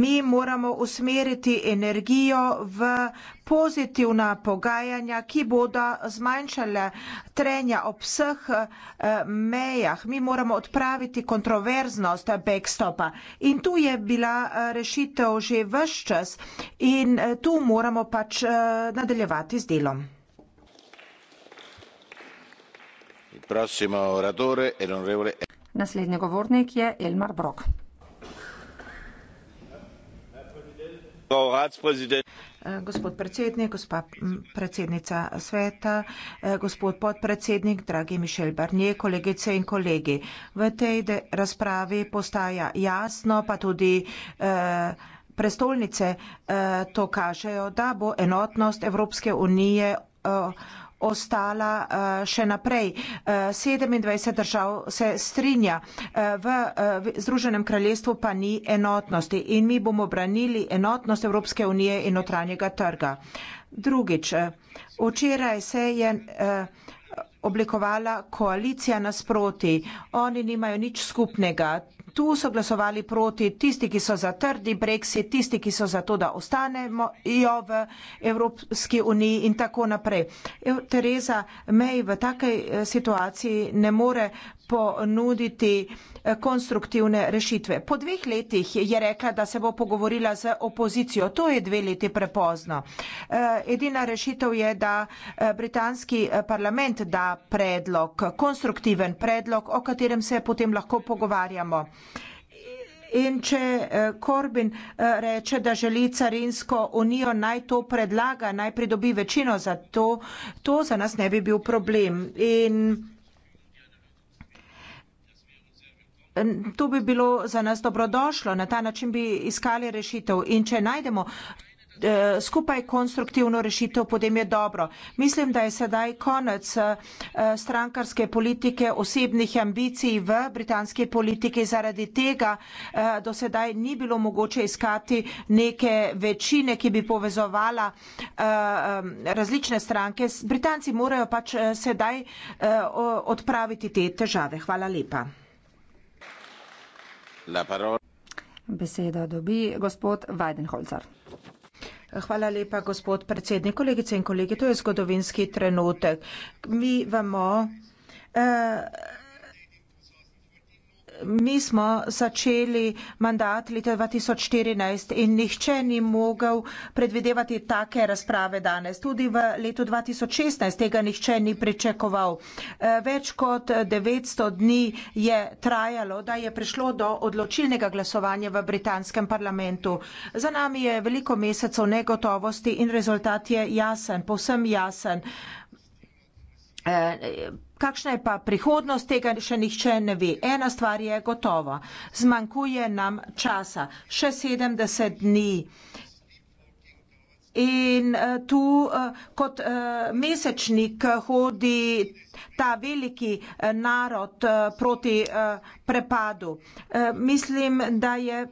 Mi moramo usmeriti energijo v pozitivna pogajanja, ki bodo zmanjšale trenja ob vseh eh, mejah. Mi moramo odpraviti kontroverznost backstopa. In tu je bila eh, rešitev že vse čas in eh, tu moramo pač nadaljevati z delom. Naslednji govornik je Elmar Brok. Eh, gospod predsednik, gospa predsednica sveta, eh, gospod podpredsednik, dragi Mišel Barnier, kolegice in kolegi. V tej razpravi postaja jasno, pa tudi eh, prestolnice to kažejo, da bo enotnost Evropske unije ostala eh, še naprej. 27 eh, držav se strinja, eh, v Združenem kraljestvu pa ni enotnosti in mi bomo branili enotnost Evropske unije in notranjega trga. Drugič, včeraj se je oblikovala koalicija nasproti. Oni nimajo nič skupnega. Tu so glasovali proti tisti, ki so za trdi brexit, tisti, ki so za to, da ostanemo v Evropski uniji in tako naprej. Tereza May v takej eh, situaciji ne more ponuditi eh, konstruktivne rešitve. Po dveh letih je rekla, da se bo pogovorila z opozicijo. To je dve leti prepozno. Eh, edina rešitev je, da britanski parlament da predlog, konstruktiven predlog, o katerem se potem lahko pogovarjamo. In če eh, Korbin eh, reče, da želi carinsko unijo naj to predlaga, naj pridobi večino za to, to za nas ne bi bil problem. In To bi bilo za nas dobrodošlo, na ta način bi iskali rešitev. In če najdemo Eh, skupaj konstruktivno rešitev, potem je dobro. Mislim, da je sedaj konec eh, strankarske politike, osebnih ambicij v britanski politiki. Zaradi tega eh, do sedaj ni bilo mogoče iskati neke večine, ki bi povezovala različne stranke. Britanci morajo pač sedaj odpraviti te težave. Hvala lepa. La parola. Beseda dobi gospod Weidenholzer. Hvala lepa, gospod predsednik. Kolegice in kolegi, to je zgodovinski trenutek. Mi vemo, eh, mi smo začeli mandat leta 2014 in nihče ni mogel predvidevati take razprave danes. Tudi v letu 2016 tega nihče ni pričakoval. Eh, več kot 900 dni je trajalo, da je prišlo do odločilnega glasovanja v britanskem parlamentu. Za nami je veliko mesecev negotovosti in rezultat je jasen, povsem jasen. Eh, Kakšna je pa prihodnost, tega še nihče ne ve. Ena stvar je gotova, zmanjkuje nam časa, še 70 dni. In uh, tu uh, kot uh, mesečnik hodi ta veliki uh, narod uh, proti uh, prepadu. Uh, mislim, da je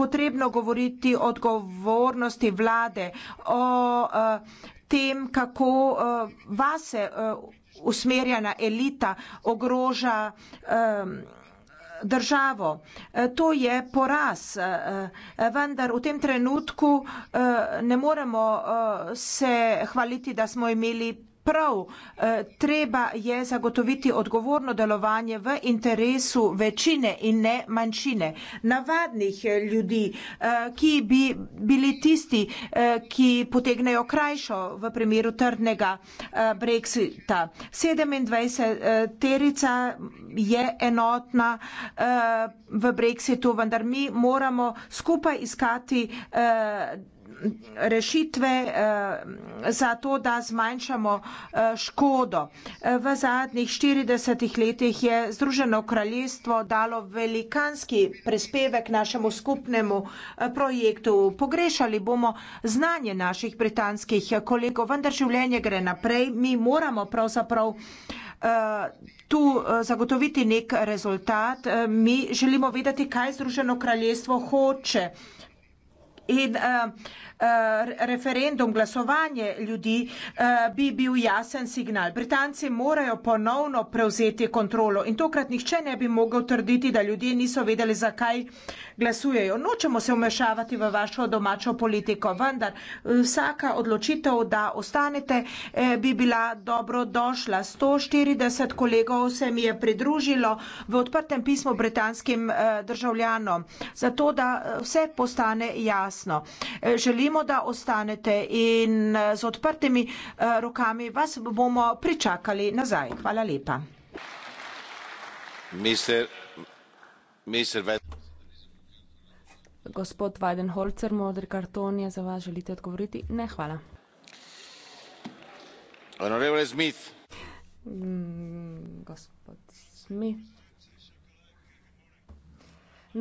potrebno govoriti o odgovornosti vlade, o uh, tem, kako uh, vase. Uh, usmerjena elita ogroža državo. E, to je poraz, e, e, vendar v tem trenutku ne moremo se hvaliti, da smo imeli prav eh, treba je zagotoviti odgovorno delovanje v interesu večine in ne manjšine, navadnih eh, ljudi, eh, ki bi bili tisti, ki potegnejo krajšo v primeru trdnega Brexita. 27 terica je enotna v Brexitu, vendar mi moramo skupaj iskati rešitve eh, za to, da zmanjšamo eh, škodo. Eh, v zadnjih 40 letih je Združeno kraljestvo dalo velikanski prispevek našemu skupnemu projektu. Pogrešali bomo znanje naših britanskih kolegov, vendar življenje gre naprej. Mi moramo pravzaprav tu zagotoviti nek rezultat. Mi želimo vedeti, kaj Združeno kraljestvo hoče. In uh, Eh, referendum, glasovanje ljudi, eh, bi bil jasen signal. Britanci morajo ponovno prevzeti kontrolo in tokrat nihče ne bi mogel trditi, da ljudje niso vedeli, zakaj glasujejo. Nočemo se vmešavati v vašo domačo politiko, vendar eh, vsaka odločitev, da ostanete, bi bila dobro došla. 140 kolegov se mi je pridružilo v odprtem pismu britanskim državljanom, zato da vse postane jasno. Želim želimo, da ostanete in eh, z odprtimi eh, rokami vas bomo pričakali nazaj. Hvala lepa. Mister, mister Gospod Weidenholzer, modri karton je za vas. Želite odgovoriti? Ne, hvala. Honorable Smith. Mm, gospod Smith.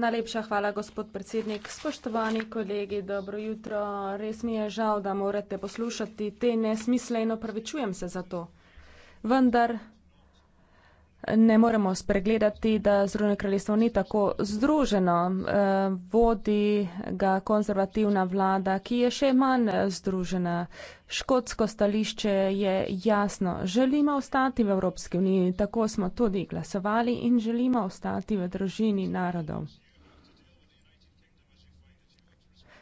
Najlepša hvala, gospod predsednik. Spoštovani kolegi, dobro jutro. Res mi je žal, da morate poslušati te nesmisle in opravičujem se za to. Vendar ne moremo spregledati, da Združeno kraljestvo ni tako združeno. Eh, vodi ga konzervativna vlada, ki je še manj eh, združena. Škotsko stališče je jasno. Želimo ostati v Evropski uniji, tako smo tudi glasovali in želimo ostati v družini narodov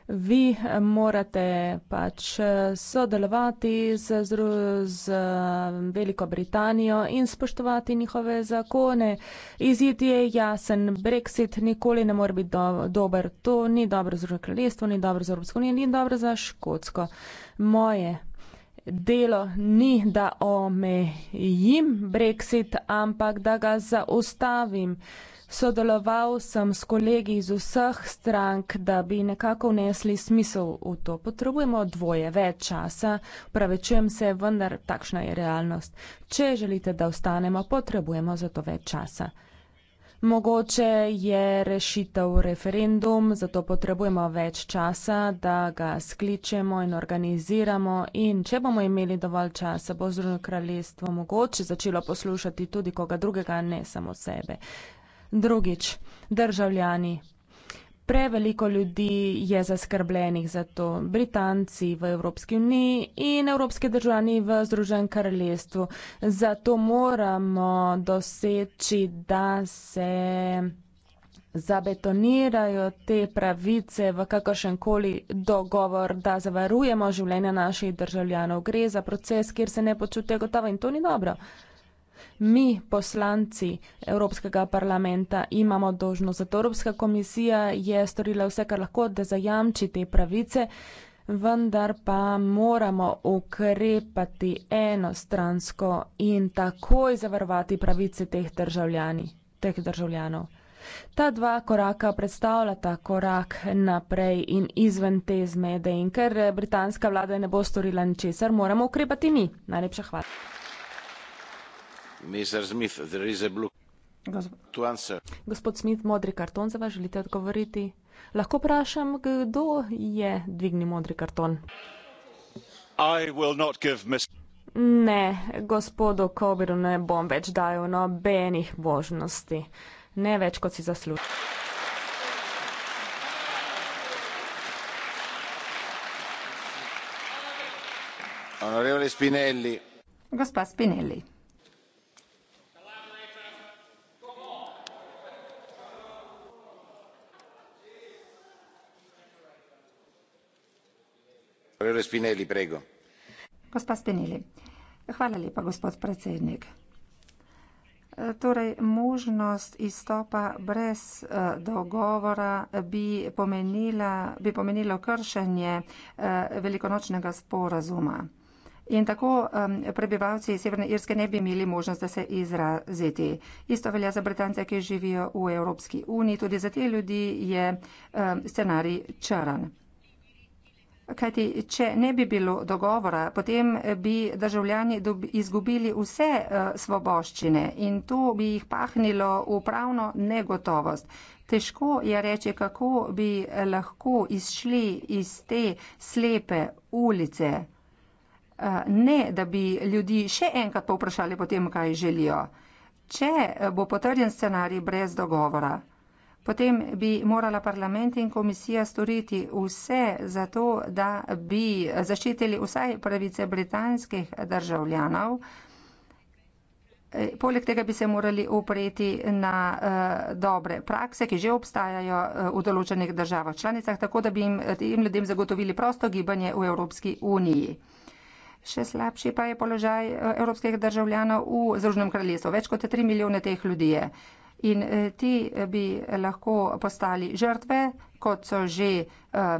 vi eh, morate pač eh, sodelovati z, z, z eh, Veliko Britanijo in spoštovati njihove zakone. Izid je jasen, Brexit nikoli ne more biti do, dober. To ni dobro za kraljestvo, ni dobro za Evropsko unijo, ni dobro za Škotsko. Moje delo ni, da omejim Brexit, ampak da ga zaustavim. Sodeloval sem s kolegi iz vseh strank, da bi nekako vnesli smisel v to. Potrebujemo dvoje, več časa, pravečujem se, vendar takšna je realnost. Če želite, da ostanemo, potrebujemo za to več časa. Mogoče je rešitev referendum, zato potrebujemo več časa, da ga skličemo in organiziramo in če bomo imeli dovolj časa, bo Združeno kraljestvo mogoče začelo poslušati tudi koga drugega, ne samo sebe. Drugič, državljani. Preveliko ljudi je zaskrbljenih za to. Britanci v Evropski uniji in evropski državljani v Združen kraljestvu. Zato moramo doseči, da se zabetonirajo te pravice v kakršenkoli dogovor, da zavarujemo življenje naših državljanov. Gre za proces, kjer se ne počutijo gotovo in to ni dobro mi, poslanci Evropskega parlamenta, imamo dožnost. Zato Evropska komisija je storila vse, kar lahko, da zajamči te pravice, vendar pa moramo ukrepati enostransko in takoj zavarovati pravice teh, teh državljanov. Ta dva koraka predstavlja ta korak naprej in izven te zmede in ker britanska vlada ne bo storila ničesar, moramo ukrepati mi. Najlepša hvala. Gospod Smith, modri karton za vas, želite odgovoriti? Lahko vprašam, kdo je dvignil modri karton? Ne, gospodu Kobiru ne bom več dajal nobenih možnosti. Ne več, kot si zasluži. Gospa Spinelli. gospa spinelli hvala lepa gospod predsednik torej možnost izstopa brez uh, dogovora bi pomenila bi pomenilo kršenje uh, velikonočnega sporazuma In tako um, prebivalci Severne Irske ne bi imeli možnost, da se izraziti. Isto velja za Britance, ki živijo v Evropski uniji. Tudi za te ljudi je um, scenarij črn. Kajti, če ne bi bilo dogovora, potem bi državljani izgubili vse eh, svoboščine in to bi jih pahnilo v pravno negotovost. Težko je reči, kako bi lahko izšli iz te slepe ulice, eh, ne da bi ljudi še enkrat povprašali potem, kaj želijo. Če eh, bo potrjen scenarij brez dogovora potem bi morala parlament in komisija storiti vse za to, da bi zaščitili vsaj pravice britanskih državljanov. E, poleg tega bi se morali upreti na uh, dobre prakse, ki že obstajajo uh, v določenih državah članicah, tako da bi jim, jim ljudem zagotovili prosto gibanje v Evropski uniji. Še slabši pa je položaj uh, evropskih državljanov v Združenem kraljestvu. Več kot tri milijone teh ljudi je in eh, ti eh, bi lahko postali žrtve, kot so že eh,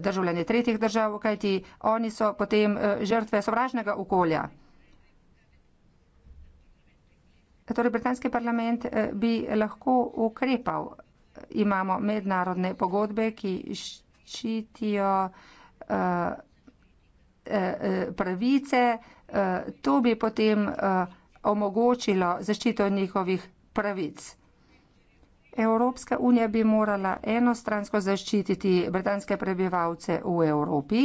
državljani tretjih držav, kajti oni so potem žrtve sovražnega okolja. Torej, britanski parlament bi lahko ukrepal. Imamo mednarodne pogodbe, ki ščitijo pravice, to bi potem omogočilo zaščito njihovih pravic. Evropska unija bi morala enostransko zaščititi britanske prebivalce v Evropi,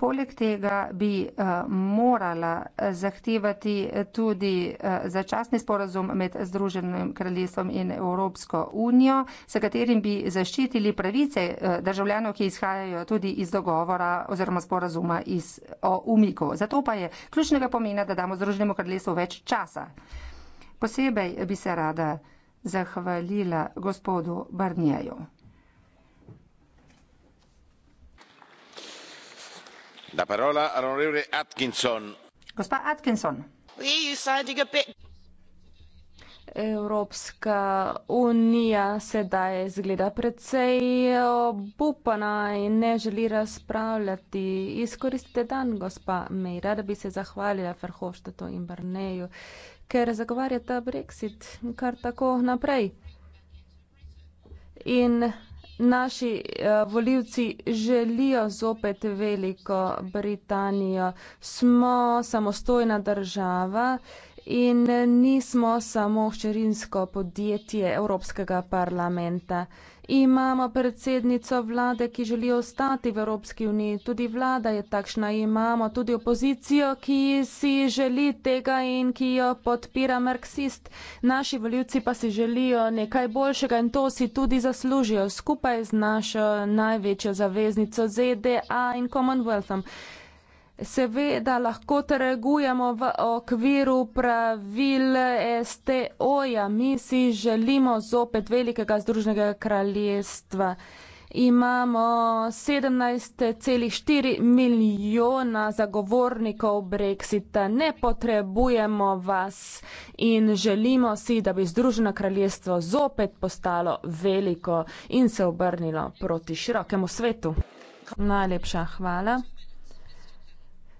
Poleg tega bi eh, morala eh, zahtevati eh, tudi začasni sporazum med Združenim kraljestvom in Evropsko unijo, s katerim bi zaščitili pravice državljanov, ki izhajajo tudi iz dogovora oziroma sporazuma iz, o umiku. Zato pa je ključnega pomena, da damo Združenemu kraljestvu več časa. Posebej bi se rada zahvalila gospodu Barnjeju. gospa atkinson e evropska unija sedaj zgleda precej obupana in ne želi razpravljati izkoristite dan gospa may rada bi se zahvalila verhofstadtu in barneju ker zagovarjata brexit kar tako naprej in naši eh, volivci želijo zopet Veliko Britanijo. Smo samostojna država in nismo samo ščerinsko podjetje Evropskega parlamenta. Imamo predsednico vlade, ki želi ostati v Evropski uniji, tudi vlada je takšna, imamo tudi opozicijo, ki si želi tega in ki jo podpira marksist. Naši voljivci pa si želijo nekaj boljšega in to si tudi zaslužijo skupaj z našo največjo zaveznico ZDA in Commonwealthom seveda lahko tregujemo v okviru pravil STO-ja. Mi si želimo zopet velikega združnega kraljestva. Imamo 17,4 milijona zagovornikov Brexita. Ne potrebujemo vas in želimo si, da bi Združeno kraljestvo zopet postalo veliko in se obrnilo proti širokemu svetu. Najlepša hvala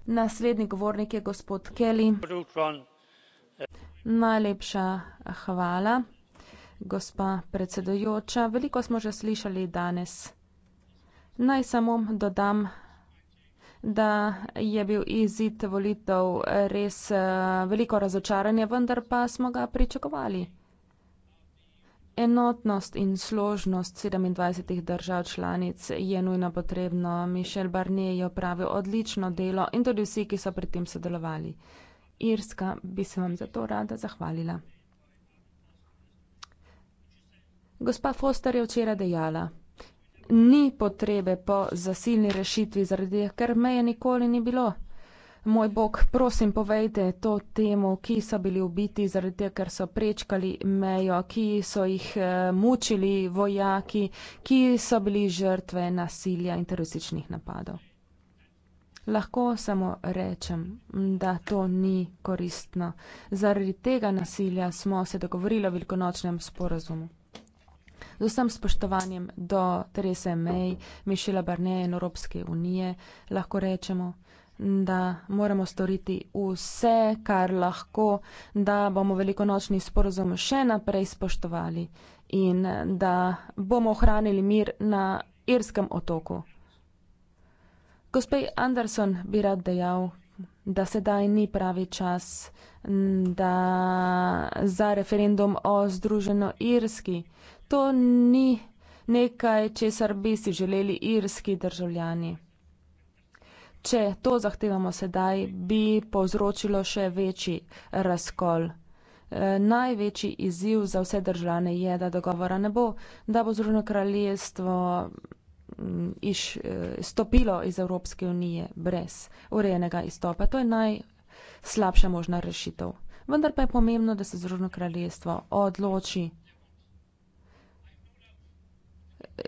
naslednji govornik je gospod Kelly. Najlepša hvala, gospa predsedujoča. Veliko smo že slišali danes. Naj samo dodam, da je bil izid volitev res eh, veliko razočaranje, vendar pa smo ga pričakovali. Enotnost in složnost 27 držav članic je nujno potrebno. Mišel Barnier je opravil odlično delo in tudi vsi, ki so pri tem sodelovali. Irska bi se vam zato rada zahvalila. Gospa Foster je včeraj dejala, ni potrebe po zasilni rešitvi, zaradi ker meje nikoli ni bilo. Moj bog, prosim, povejte to temu, ki so bili ubiti zaradi tega, ker so prečkali mejo, ki so jih eh, mučili vojaki, ki so bili žrtve nasilja in terorističnih napadov. Lahko samo rečem, da to ni koristno. Zaradi tega nasilja smo se dogovorili o velikonočnem sporazumu. Z vsem spoštovanjem do Therese May, Mišela Barneja in Evropske unije lahko rečemo, da moramo storiti vse, kar lahko, da bomo velikonočni sporozum še naprej spoštovali in da bomo ohranili mir na Irskem otoku. Gospej Anderson bi rad dejal, da sedaj ni pravi čas da za referendum o Združeno Irski. To ni nekaj, česar bi si želeli irski državljani če to zahtevamo sedaj, bi povzročilo še večji razkol. E, največji izziv za vse državljane je, da dogovora ne bo, da bo Združeno kraljestvo iš, e, stopilo iz Evropske unije brez urejenega izstopa. To je najslabša možna rešitev. Vendar pa je pomembno, da se Združeno kraljestvo odloči,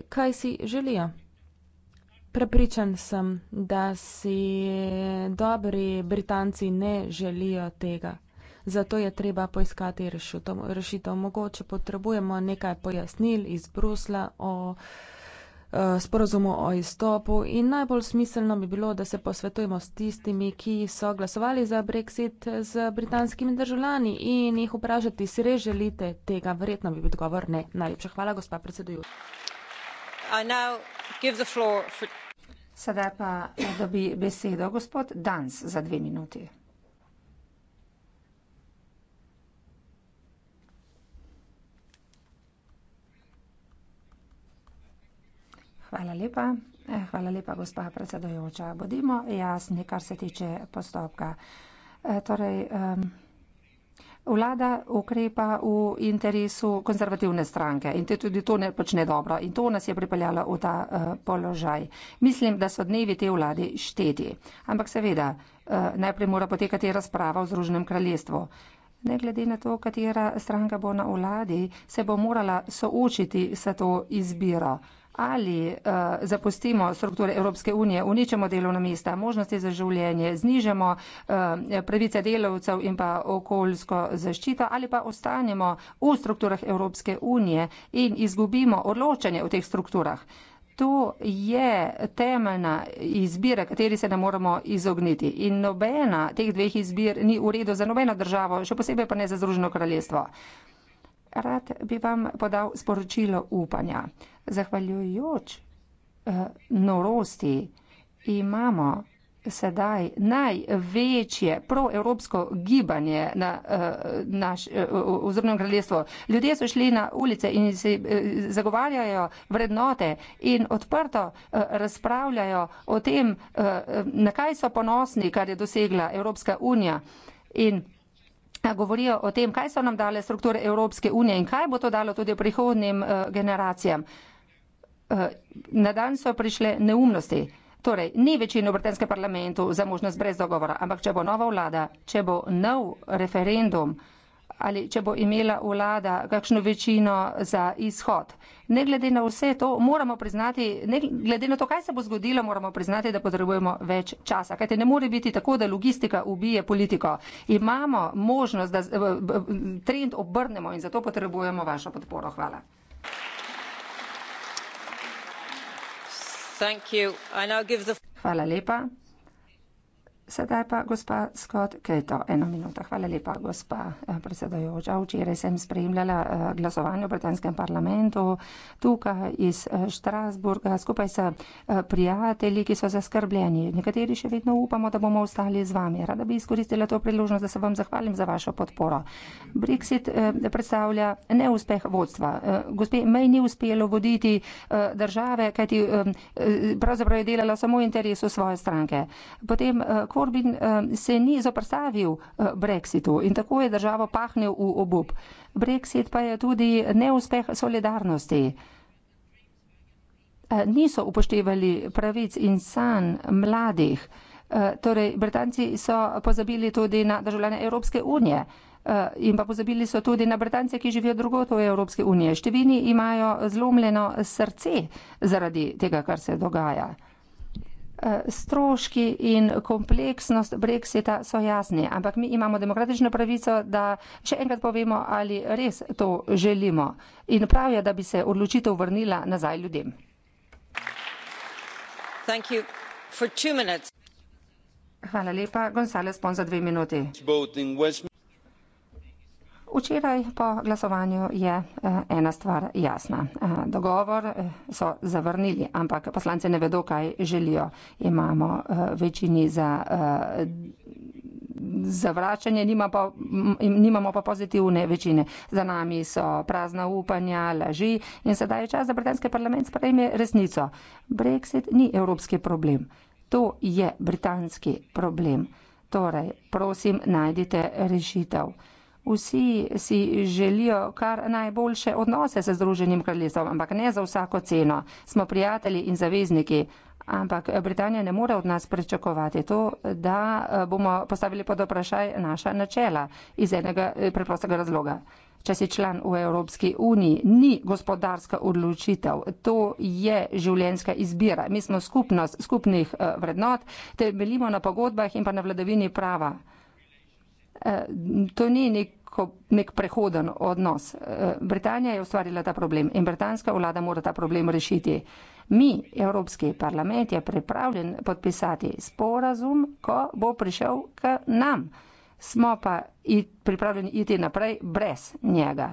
kaj si želijo. Prepričan sem, da si dobri Britanci ne želijo tega. Zato je treba poiskati rešitev. rešitev. Mogoče potrebujemo nekaj pojasnil iz Brusla o e, sporozumu o izstopu in najbolj smiselno bi bilo, da se posvetujemo s tistimi, ki so glasovali za brexit z britanskimi državljani in jih vprašati, si res želite tega. Verjetno bi bil odgovor ne. Najlepša hvala, gospa predsedujoča. I now give the floor for... Sedaj pa dobi besedo gospod Danc za dve minuti. Hvala lepa. Eh, hvala lepa, gospa predsedujoča. Bodimo jasni, kar se tiče postopka. Eh, torej, Vlada ukrepa v interesu konzervativne stranke in te tudi to ne počne dobro in to nas je pripeljalo v ta uh, položaj. Mislim, da so dnevi te vladi šteti. Ampak seveda, uh, najprej mora potekati razprava v Združenem kraljestvu. Ne glede na to, katera stranka bo na vladi, se bo morala soočiti s to izbiro ali uh, zapustimo strukture Evropske unije, uničemo delovna mesta, možnosti za življenje, znižamo uh, pravice delovcev in pa okoljsko zaščito ali pa ostanemo v strukturah Evropske unije in izgubimo odločanje v teh strukturah. To je temeljna izbira, kateri se ne moramo izogniti. In nobena teh dveh izbir ni v redu za nobeno državo, še posebej pa ne za Združeno kraljestvo. Uh, rad bi vam podal sporočilo upanja. Zahvaljujoč eh, norosti imamo sedaj največje proevropsko gibanje na eh, naš ozornem eh, kraljestvu. Ljudje so šli na ulice in si eh, zagovarjajo vrednote in odprto eh, razpravljajo o tem, eh, na kaj so ponosni, kar je dosegla Evropska unija. In govorijo o tem, kaj so nam dale strukture Evropske unije in kaj bo to dalo tudi prihodnim uh, eh, generacijam. Uh, na dan so prišle neumnosti. Torej, ni večino v britanskem parlamentu za možnost brez dogovora, ampak če bo nova vlada, če bo nov referendum, uh, ali če bo imela vlada kakšno večino za izhod. Ne glede na vse to, moramo priznati, ne glede na to, kaj se bo zgodilo, moramo priznati, da potrebujemo več časa. Kajte ne more biti tako, da logistika ubije politiko. Imamo možnost, da trend obrnemo in zato potrebujemo vašo podporo. Hvala. Hvala lepa. Sedaj pa gospa Scott Keto, eno minuto. Hvala lepa, gospa eh, predsedajoča. Včeraj sem spremljala eh, glasovanje v britanskem parlamentu tukaj iz eh, Štrasburga skupaj s prijatelji, ki so zaskrbljeni. Nekateri še vedno upamo, da bomo ostali z vami. Rada bi izkoristila to priložnost, da se vam zahvalim za vašo podporo. Brexit predstavlja neuspeh vodstva. Gospe, meni ni uspelo voditi države, kajti pravzaprav je delala samo v interesu svoje stranke. Potem, Corbyn eh, se ni zoprstavil eh, brexitu in tako je državo pahnil v obup. Brexit pa je tudi neuspeh solidarnosti. Eh, niso upoštevali pravic in san mladih. Torej, Britanci so pozabili tudi na državljane Evropske unije in pa pozabili so tudi na Britance, ki živijo drugot v Evropske unije. Števini imajo zlomljeno srce zaradi tega, kar se dogaja stroški in kompleksnost brexita so jasni, ampak mi imamo demokratično pravico, da še enkrat povemo, ali res to želimo. In prav je, da bi se odločitev vrnila nazaj ljudem. Hvala lepa. Gonzales Pon za dve minuti. Včeraj po glasovanju je eh, ena stvar jasna. Eh, dogovor eh, so zavrnili, ampak poslance ne vedo, kaj želijo. Imamo večini za zavračanje, nima pa, nimamo pa pozitivne večine. Za nami so prazna upanja, laži in sedaj je čas, da britanski parlament sprejme resnico. Brexit ni evropski problem. To je britanski problem. Torej, prosim, najdite rešitev vsi si želijo kar najboljše odnose se Združenim kraljestvom, ampak ne za vsako ceno. Smo prijatelji in zavezniki, ampak Britanija ne more od nas pričakovati to, da eh, bomo postavili pod vprašaj naša načela iz enega eh, preprostega razloga. Če si član v Evropski uniji, ni gospodarska odločitev, to je življenska izbira. Mi smo skupnost skupnih eh, vrednot, temeljimo na pogodbah in pa na vladavini prava. Eh, to ni nek nek prehoden odnos. Eh, Britanija je ustvarila ta problem in britanska vlada mora ta problem rešiti. Mi, Evropski parlament, je pripravljen podpisati sporazum, ko bo prišel k nam. Smo pa pripravljeni iti naprej brez njega.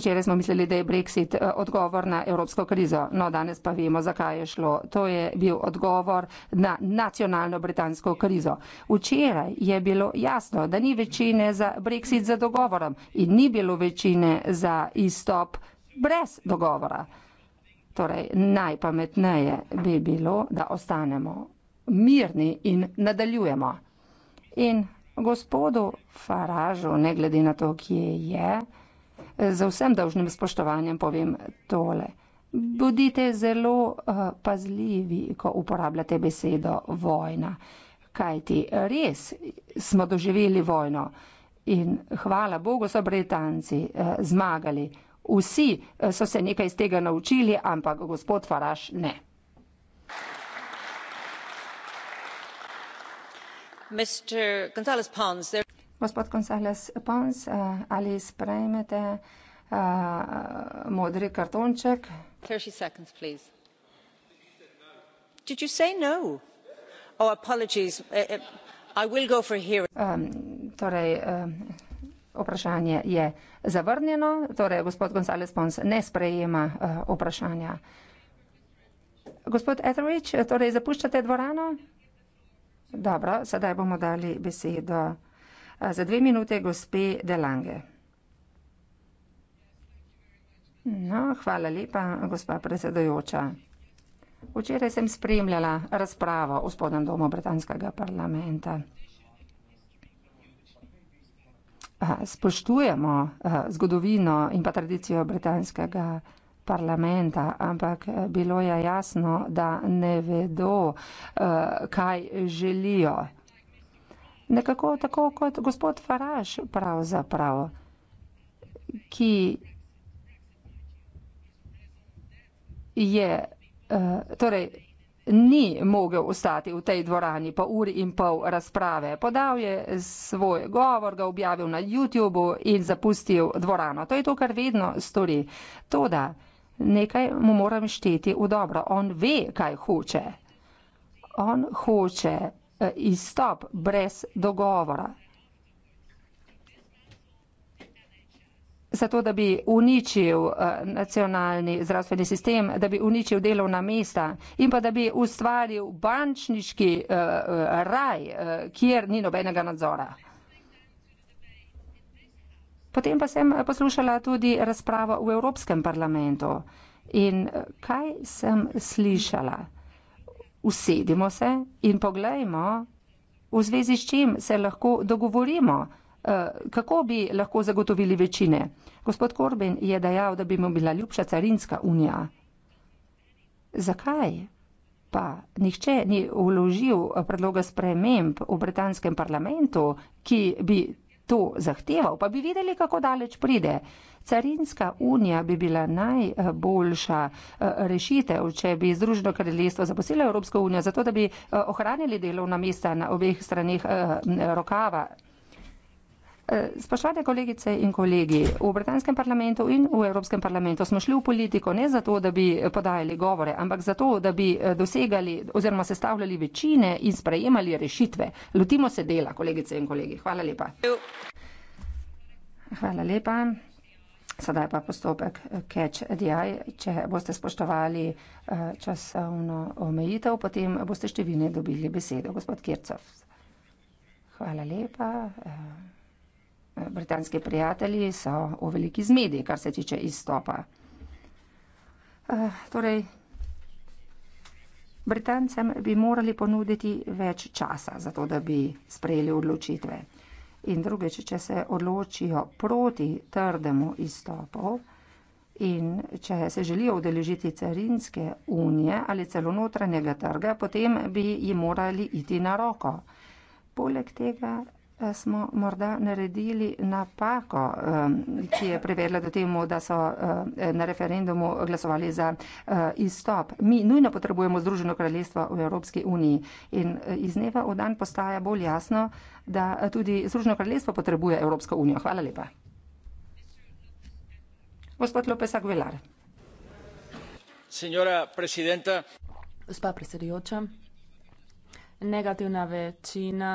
Včeraj smo mislili, da je Brexit eh, odgovor na evropsko krizo, no danes pa vemo, zakaj je šlo. To je bil odgovor na nacionalno britansko krizo. Včeraj je bilo jasno, da ni večine za Brexit za dogovorom in ni bilo večine za izstop brez dogovora. Torej, najpametneje bi bilo, da ostanemo mirni in nadaljujemo. In gospodu Faražu, ne glede na to, kje je, Z vsem dolžnim spoštovanjem povem tole. Bodite zelo eh, pazljivi, ko uporabljate besedo vojna, kajti res smo doživeli vojno in hvala Bogu so Britanci eh, zmagali. Vsi eh, so se nekaj iz tega naučili, ampak gospod Faraš ne. Mr. Gonzalez Pons, there... Gospod Konsales Pons, eh, ali sprejmete uh, modri kartonček? 30 seconds, please. Did you say no? Oh, apologies. Eh, I will go for here. Um, torej, um, vprašanje je zavrnjeno, torej gospod Gonzales Pons ne sprejema uh, vprašanja. Gospod Etherwich, torej zapuščate dvorano? Dobro, sedaj bomo dali besedo za dve minute gospe Delange. No, hvala lepa, gospa predsedojoča. Včeraj sem spremljala razpravo v spodnem domu britanskega parlamenta. Spoštujemo zgodovino in pa tradicijo britanskega parlamenta, ampak bilo je jasno, da ne vedo, kaj želijo nekako tako kot gospod Faraž pravzaprav, ki je, eh, torej ni mogel ostati v tej dvorani po uri in pol razprave. Podal je svoj govor, ga objavil na YouTubu in zapustil dvorano. To je to, kar vedno stori. Toda nekaj mu moram šteti v dobro. On ve, kaj hoče. On hoče izstop brez dogovora. Zato, da bi uničil eh, nacionalni zdravstveni sistem, da bi uničil delovna mesta in pa da bi ustvaril bančniški eh, eh, raj, kjer ni nobenega nadzora. Potem pa sem poslušala tudi razpravo v Evropskem parlamentu. In kaj sem slišala? usedimo se in poglejmo, v zvezi s čim se lahko dogovorimo, eh, kako bi lahko zagotovili večine. Gospod Korbin je dejal, da bi mu bila ljubša carinska unija. Zakaj pa nihče ni uložil predloga sprememb v britanskem parlamentu, ki bi to zahteval, pa bi videli, kako daleč pride. Carinska unija bi bila najboljša eh, rešitev, če bi Združeno kraljestvo zaposlilo Evropsko unijo, zato da bi eh, ohranili delovna mesta na obeh straneh eh, rokava. Spoštovane kolegice in kolegi, v britanskem parlamentu in v evropskem parlamentu smo šli v politiko ne zato, da bi podajali govore, ampak zato, da bi eh, dosegali oziroma sestavljali večine in sprejemali rešitve. Lotimo se dela, kolegice in kolegi. Hvala lepa. Hvala lepa. Sedaj pa postopek eh, catch the eye. Če boste spoštovali eh, časovno omejitev, potem boste številne dobili besedo. Gospod Kircov. Hvala lepa britanski prijatelji so v veliki zmedi, kar se tiče izstopa. Eh, torej, Britancem bi morali ponuditi več časa, zato da bi sprejeli odločitve. In drugič, če se odločijo proti trdemu izstopu in če se želijo udeležiti carinske unije ali celo notranjega trga, potem bi jim morali iti na roko. Poleg tega smo morda naredili napako, ki je privedla do temu, da so na referendumu glasovali za eh, izstop. Mi nujno potrebujemo Združeno kraljestvo v Evropski uniji in eh, iz dneva v dan postaja bolj jasno, da tudi Združeno kraljestvo potrebuje Evropsko unijo. Hvala lepa. Gospod Lopes Aguilar. Gospa predsedujoča, negativna večina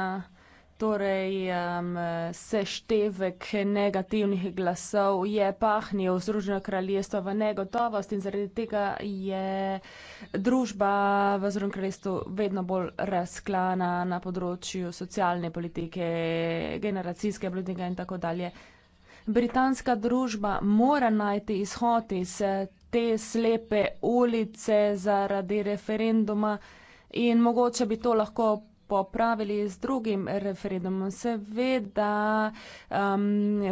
Torej, um, seštevek negativnih glasov je pahnil Združeno kraljestvo v negotovost in zaradi tega je družba v Združenem kraljestvu vedno bolj razklana na področju socialne politike, generacijske politike in tako dalje. Britanska družba mora najti izhod iz te slepe ulice zaradi referenduma in mogoče bi to lahko popravili z drugim referendumom. Seveda um,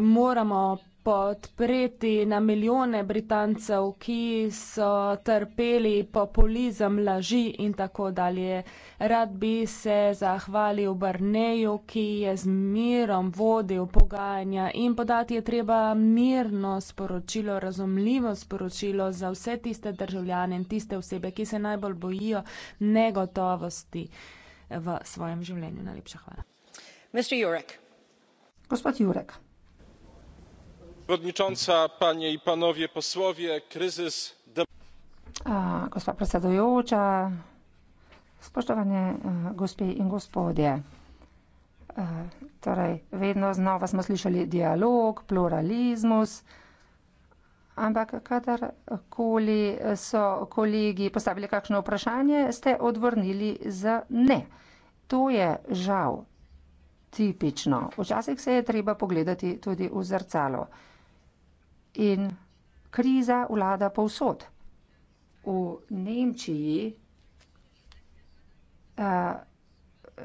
moramo podpreti na milijone Britancev, ki so trpeli populizem, laži in tako dalje. Rad bi se zahvalil Brneju, ki je z mirom vodil pogajanja in podati je treba mirno sporočilo, razumljivo sporočilo za vse tiste državljane in tiste osebe, ki se najbolj bojijo negotovosti v svojem življenju. Najlepša hvala. Gospod Jurek. Gospa predsedujoča, spoštovane e, gospe in gospodje. E, torej, vedno znova smo slišali dialog, pluralizmus, ampak kadarkoli so kolegi postavili kakšno vprašanje, ste odvrnili z ne to je žal tipično. Včasih se je treba pogledati tudi v zrcalo. In kriza vlada povsod. V Nemčiji uh,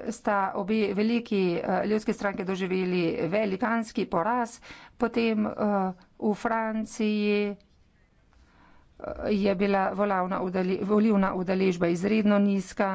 sta obe veliki uh, eh, ljudske stranke doživeli velikanski poraz, potem uh, v Franciji uh, je bila volavna udali, volivna udeležba izredno nizka.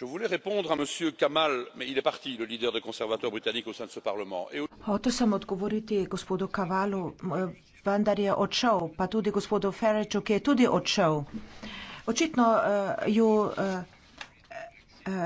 je voulais répondre à m. kamall mais il est parti le leader des conservateurs britanniques au sein de ce parlement. Hotel sem odgovoriti gospodu Kavalu, eh, vendar je odšel, pa tudi gospodu Ferreču, ki je tudi odšel. Očitno uh, ju uh, uh,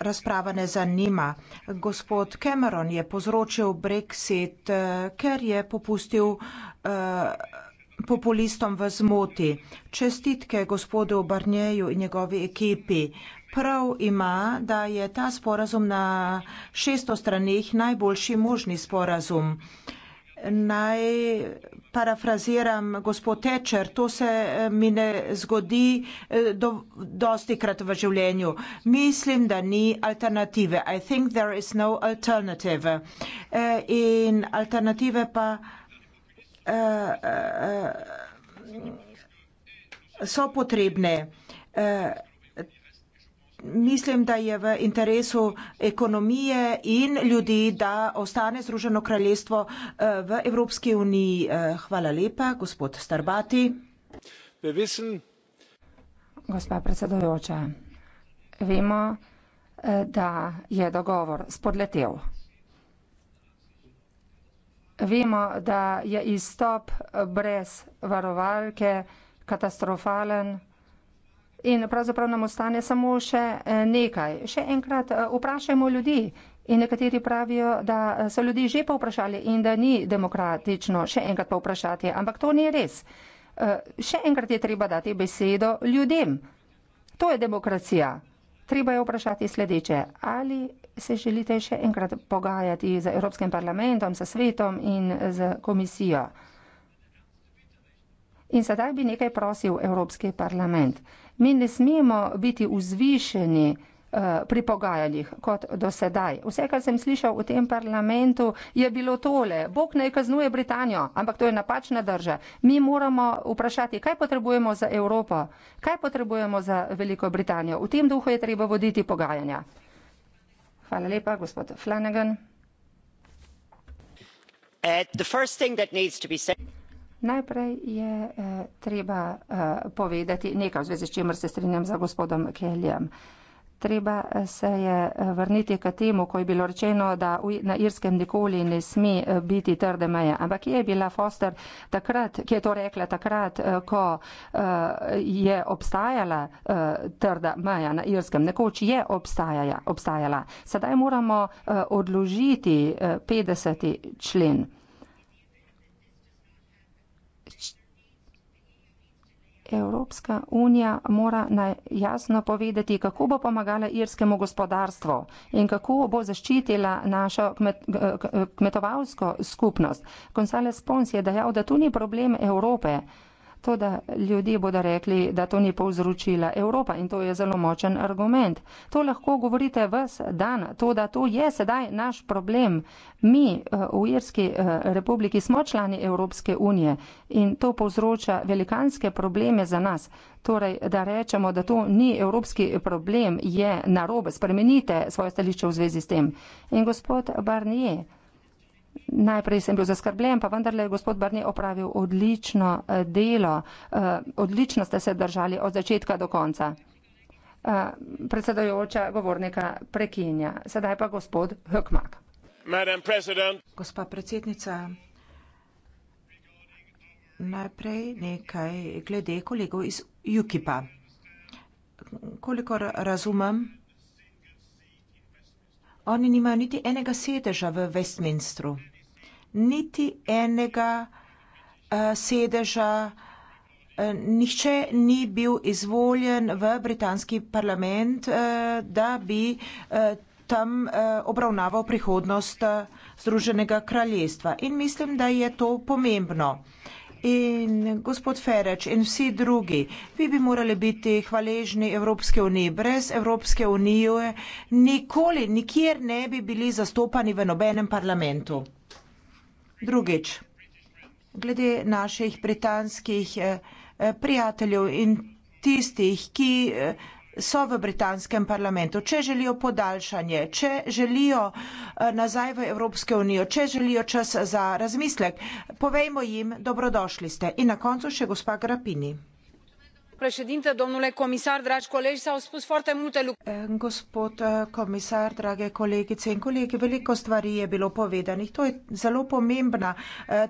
razprava ne zanima. Gospod Cameron je povzročil Brexit, uh, ker je popustil uh, populistom v zmoti. Čestitke gospodu Barnjeju in njegovi ekipi. Prav ima, da je ta sporazum na šesto stranih najboljši možni sporazum. Naj parafraziram gospod Tečer, to se eh, mi ne zgodi eh, do, dosti krat v življenju. Mislim, da ni alternative. I think there is no alternative. Eh, in alternative pa so potrebne mislim, da je v interesu ekonomije in ljudi, da ostane Združeno kraljestvo eh, v Evropski uniji. Eh, hvala lepa, gospod Starbati. Gospa predsedojoča, vemo, eh, da je dogovor spodletel. Vemo, da je izstop brez varovalke katastrofalen in pravzaprav nam ostane samo še eh, nekaj. Še enkrat eh, vprašajmo ljudi. In nekateri pravijo, da eh, so ljudi že pa vprašali in da ni demokratično še enkrat pa vprašati. Ampak to ni res. Še enkrat je treba dati besedo ljudem. To je demokracija. Treba je vprašati sledeče. Ali se želite še enkrat pogajati z Evropskim parlamentom, s svetom in z komisijo? In sedaj bi nekaj prosil Evropski parlament. Mi ne smemo biti vzvišeni eh, pri pogajanjih kot do sedaj. Vse, kar sem slišal v tem parlamentu, je bilo tole. Bog naj kaznuje Britanijo, ampak to je napačna drža. Mi moramo vprašati, kaj potrebujemo za Evropo, kaj potrebujemo za Veliko Britanijo. V tem duhu je treba voditi pogajanja. Hvala lepa, gospod Flanagan. Uh, Najprej je eh, treba eh, povedati nekaj v zvezi s čimer se strinjam za gospodom Keljem. Treba eh, se je eh, vrniti k temu, ko je bilo rečeno, da na Irskem nikoli ne sme eh, biti trde meje. Ampak kje je bila Foster takrat, ki je to rekla takrat, ko je obstajala trda meja na Irskem? Nekoč je obstajala. Sedaj moramo odložiti 50. člen. Evropska unija mora jasno povedati, kako bo pomagala irskemu gospodarstvu in kako bo zaščitila našo kmet, kmetovalsko skupnost. Gonzales Pons je dejal, da to ni problem Evrope, To, da ljudje bodo rekli, da to ni povzročila Evropa in to je zelo močen argument. To lahko govorite vas dan, to, da to je sedaj naš problem. Mi eh, v Irski eh, republiki smo člani Evropske unije in to povzroča velikanske probleme za nas. Torej, da rečemo, da to ni evropski problem, je narobe. Spremenite svoje stališče v zvezi s tem. In gospod Barnier najprej sem bil zaskrbljen, pa vendarle je gospod Barni opravil odlično eh, delo. Eh, odlično ste se držali od začetka do konca. Eh, Predsedojoča govornika prekinja. Sedaj pa gospod Hökmak. Gospa predsednica, najprej nekaj glede kolegov iz UKIP-a. Kolikor razumem, oni nimajo niti enega sedeža v Westminstru niti enega uh, sedeža, uh, nihče ni bil izvoljen v britanski parlament, uh, da bi uh, tam uh, obravnaval prihodnost uh, Združenega kraljestva. In mislim, da je to pomembno. In gospod Fereč in vsi drugi, vi bi morali biti hvaležni Evropske unije. Brez Evropske unije nikoli, nikjer ne bi bili zastopani v nobenem parlamentu. Drugič, glede naših britanskih eh, prijateljev in tistih, ki eh, so v britanskem parlamentu, če želijo podaljšanje, če želijo eh, nazaj v Evropsko unijo, če želijo čas za razmislek, povejmo jim, dobrodošli ste. In na koncu še gospa Grapini președintă domnule comisar dragi colegi s au spus foarte multe lucruri. Eh,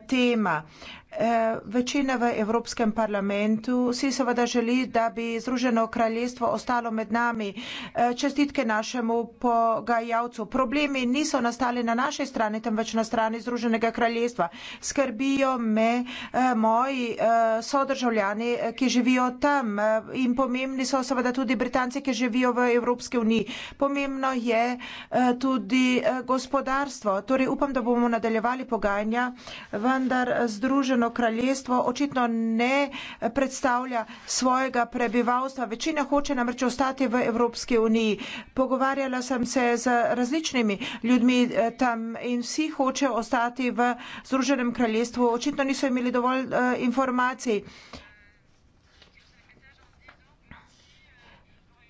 eh, Eh, večina v Evropskem parlamentu. Vsi seveda želi, da bi Združeno kraljestvo ostalo med nami. Eh, čestitke našemu pogajalcu. Problemi niso nastali na naši strani, temveč na strani Združenega kraljestva. Skrbijo me eh, moji sodržavljani, ki živijo tam in pomembni so seveda tudi Britanci, ki živijo v Evropski uniji. Pomembno je tudi gospodarstvo. Torej upam, da bomo nadaljevali pogajanja, vendar Združeno Združeno kraljestvo očitno ne predstavlja svojega prebivalstva. Večina hoče namreč ostati v Evropski uniji. Pogovarjala sem se z različnimi ljudmi eh, tam in vsi hoče ostati v Združenem kraljestvu. Očitno niso imeli dovolj eh, informacij.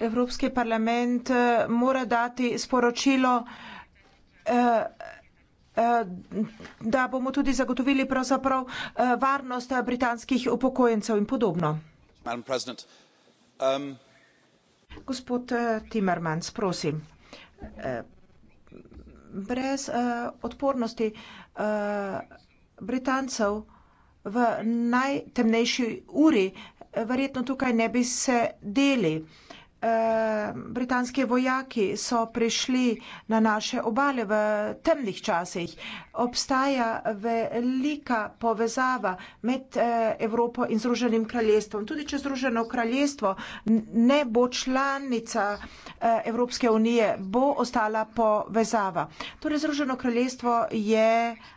Evropski parlament eh, mora dati sporočilo Eh, da bomo tudi zagotovili pravzaprav eh, varnost eh, britanskih upokojencev in podobno. Um, Gospod Timmermans, prosim. Brez odpornosti Britancev v najtemnejši uri verjetno tukaj ne bi se deli. Eh, britanski vojaki so prišli na naše obale v temnih časih. Obstaja velika povezava med eh, Evropo in Združenim kraljestvom. Tudi če Združeno kraljestvo ne bo članica eh, Evropske unije, bo ostala povezava. Torej, Združeno kraljestvo je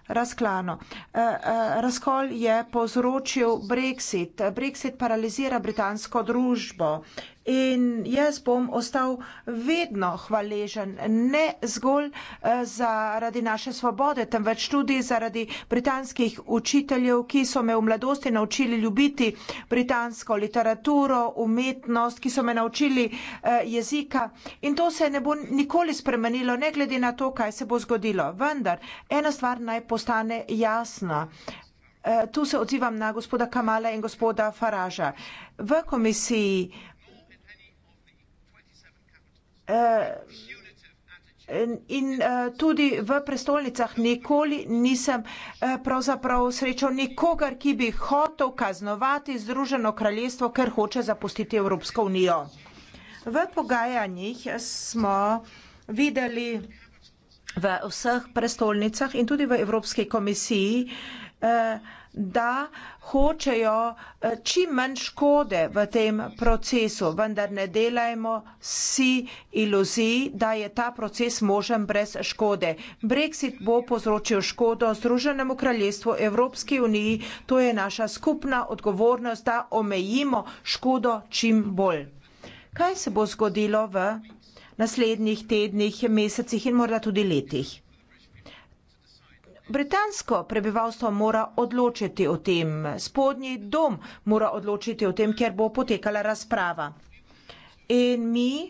razklano. Eh, eh, razkol je povzročil Brexit. Brexit paralizira britansko družbo. In jaz bom ostal vedno hvaležen, ne zgolj eh, zaradi naše svobode, temveč tudi zaradi britanskih učiteljev, ki so me v mladosti naučili ljubiti britansko literaturo, umetnost, ki so me naučili jezika. In to se ne bo nikoli spremenilo, ne glede na to, kaj se bo zgodilo. Vendar, ena stvar naj postavim postane jasna. E, tu se odzivam na gospoda Kamala in gospoda Faraža. V komisiji e, in e, tudi v prestolnicah nikoli nisem pravzaprav srečal nikogar, ki bi hotel kaznovati Združeno kraljestvo, ker hoče zapustiti Evropsko unijo. V pogajanjih smo videli, v vseh prestolnicah in tudi v Evropski komisiji, eh, da hočejo eh, čim manj škode v tem procesu, vendar ne delajmo si iluzij, da je ta proces možen brez škode. Brexit bo povzročil škodo Združenemu kraljestvu Evropski uniji, to je naša skupna odgovornost, da omejimo škodo čim bolj. Kaj se bo zgodilo v naslednjih tednih, mesecih in morda tudi letih. Britansko prebivalstvo mora odločiti o tem, spodnji dom mora odločiti o tem, ker bo potekala razprava. In mi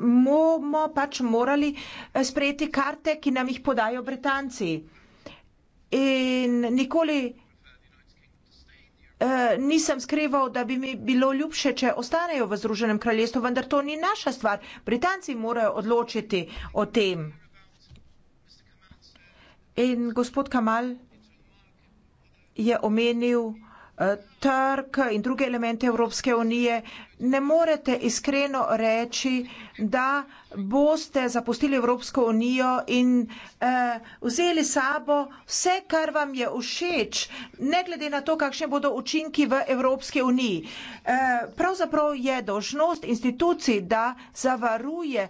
bomo eh, pač morali eh, sprejeti karte, ki nam jih podajo Britanci. In nikoli Eh, nisem skrival, da bi mi bilo ljubše, če ostanejo v Združenem kraljestvu, vendar to ni naša stvar. Britanci morajo odločiti o tem. In gospod Kamal je omenil, Eh, trg in druge elemente Evropske unije, ne morete iskreno reči, da boste zapustili Evropsko unijo in uh, vzeli sabo vse, kar vam je všeč, ne glede na to, kakšne bodo učinki v Evropski uniji. Uh, pravzaprav je dožnost institucij, da zavaruje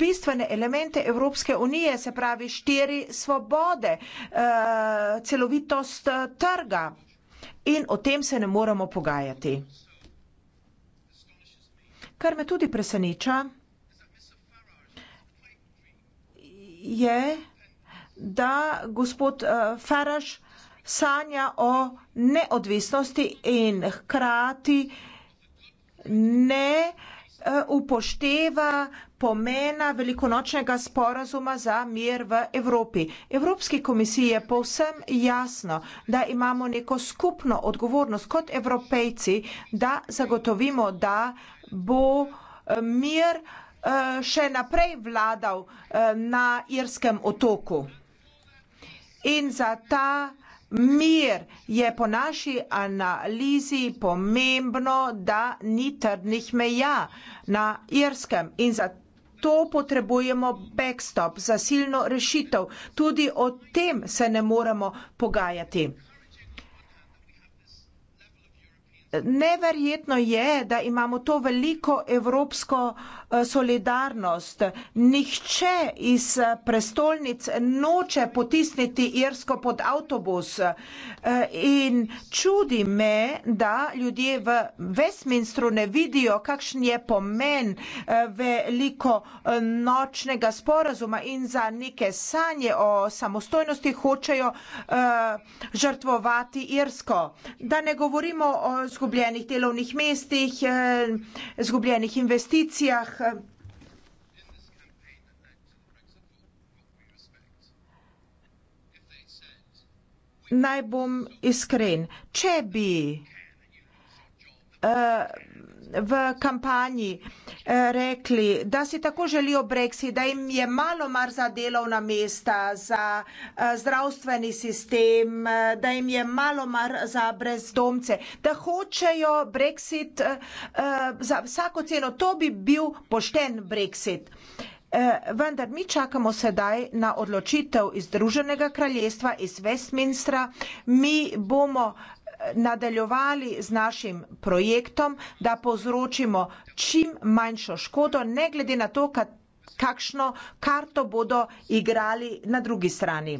bistvene elemente Evropske unije, se pravi štiri svobode, uh, celovitost trga in o tem se ne moramo pogajati. Kar me tudi preseneča, je, da gospod eh, Faraž sanja o neodvisnosti in hkrati ne. Uh, Eh, upošteva pomena velikonočnega sporazuma za mir v Evropi. Evropski komisiji je povsem jasno, da imamo neko skupno odgovornost kot evropejci, da zagotovimo, da bo eh, mir eh, še naprej vladal na irskem otoku. In za ta Mir je po naši analizi pomembno, da ni trdnih meja na Irskem in zato potrebujemo backstop za silno rešitev. Tudi o tem se ne moremo pogajati. Neverjetno je, da imamo to veliko evropsko eh, solidarnost. Nihče iz eh, prestolnic noče potisniti Irsko pod avtobus. Eh, in čudi me, da ljudje v Westminstru ne vidijo, kakšen je pomen veliko nočnega sporazuma in za neke sanje o samostojnosti hočejo žrtvovati Irsko. Da ne govorimo o izgubljenih delovnih mestih, eh, izgubljenih investicijah. Naj bom iskren. Če bi uh, v kampanji uh, rekli, da si tako želijo Brexit, da jim je malo mar za delovna mesta, za eh, zdravstveni sistem, eh, da jim je malo mar za brezdomce, da hočejo Brexit eh, za vsako ceno. To bi bil pošten Brexit. Vendar mi čakamo sedaj na odločitev iz Druženega kraljestva, iz Westminstra. Mi bomo nadaljevali z našim projektom, da povzročimo čim manjšo škodo, ne glede na to, kakšno karto bodo igrali na drugi strani.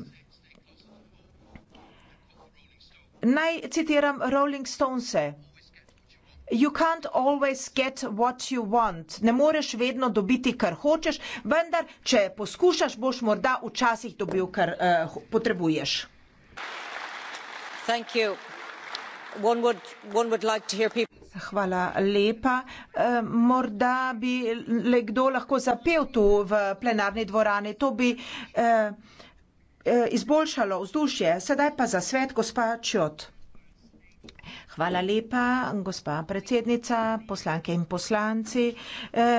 Naj citiram Rolling Stones. -e. You can't always get what you want. Ne moreš vedno dobiti, kar hočeš, vendar, če poskušaš, boš morda včasih dobil, kar uh, potrebuješ. Thank you. Hvala lepa. Eh, morda bi le kdo lahko zapel tu v plenarni dvorani. To bi eh, eh, izboljšalo vzdušje. Sedaj pa za svet, gospa Čot. Hvala lepa, gospa predsednica, poslanke in poslanci.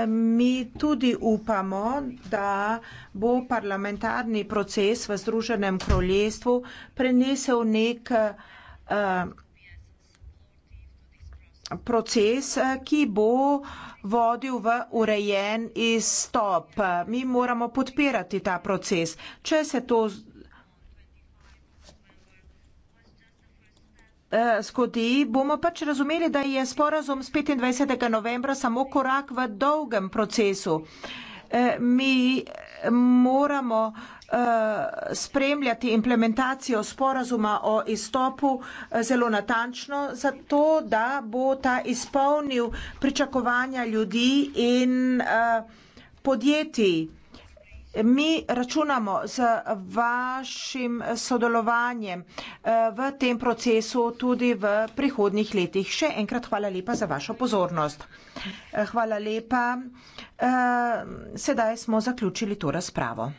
Mi tudi upamo, da bo parlamentarni proces v Združenem kroljestvu prenesel nek proces, ki bo vodil v urejen izstop. Mi moramo podpirati ta proces. Če se to skodi, eh, bomo pač razumeli, da je sporazum z 25. novembra samo korak v dolgem procesu. Eh, mi moramo eh, spremljati implementacijo sporazuma o izstopu eh, zelo natančno, zato da bo ta izpolnil pričakovanja ljudi in eh, podjetij. Mi računamo z vašim sodelovanjem eh, v tem procesu tudi v prihodnih letih. Še enkrat hvala lepa za vašo pozornost. Eh, hvala lepa. Eh, sedaj smo zaključili to razpravo.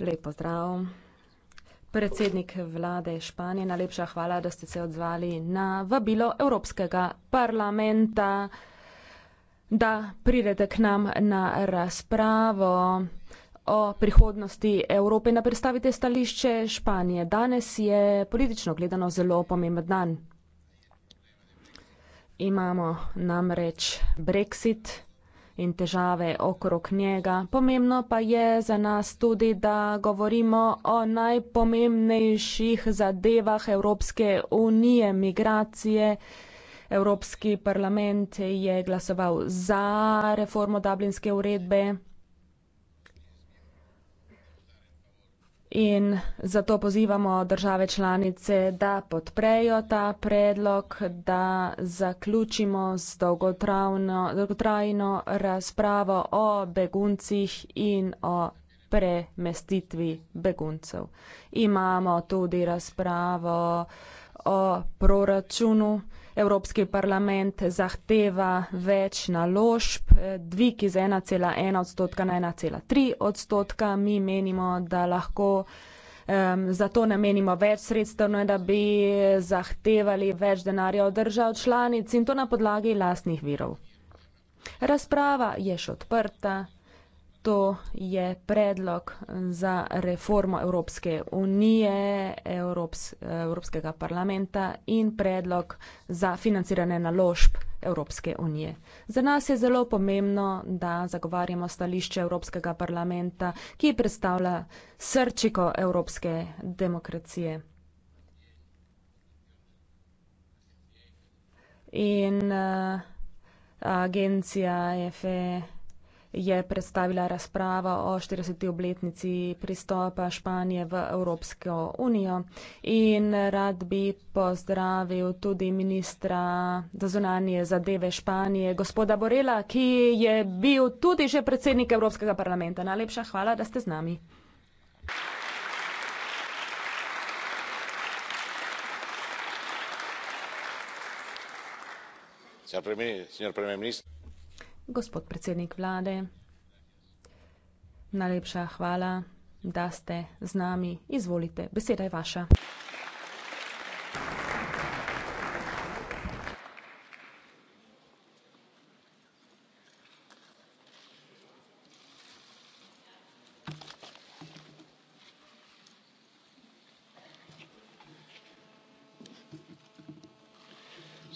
Lep pozdrav. Predsednik vlade Španije, najlepša hvala, da ste se odzvali na vabilo Evropskega parlamenta, da pridete k nam na razpravo o prihodnosti Evrope in da predstavite stališče Španije. Danes je politično gledano zelo pomemben dan. Imamo namreč brexit, in težave okrog njega. Pomembno pa je za nas tudi, da govorimo o najpomembnejših zadevah Evropske unije, migracije. Evropski parlament je glasoval za reformo Dublinske uredbe. in zato pozivamo države članice, da podprejo ta predlog, da zaključimo z dolgotrajno razpravo o beguncih in o premestitvi beguncev. Imamo tudi razpravo o proračunu. Evropski parlament zahteva več naložb, dvig iz 1,1 odstotka na 1,3 odstotka. Mi menimo, da lahko um, za to namenimo več sredstev, no da bi zahtevali več denarja od držav članic in to na podlagi lastnih virov. Razprava je še odprta, to je predlog za reformo Evropske unije, Evrops, Evropskega parlamenta in predlog za financiranje naložb Evropske unije. Za nas je zelo pomembno, da zagovarjamo stališče Evropskega parlamenta, ki predstavlja srčiko evropske demokracije. In uh, agencija EFE je predstavila razprava o 40. obletnici pristopa Španije v Evropsko unijo. In rad bi pozdravil tudi ministra za zunanje zadeve Španije, gospoda Borela, ki je bil tudi že predsednik Evropskega parlamenta. Najlepša hvala, da ste z nami. Señor primer, señor primer ministro. Gospod predsednik vlade, najlepša hvala, da ste z nami. Izvolite, beseda je vaša.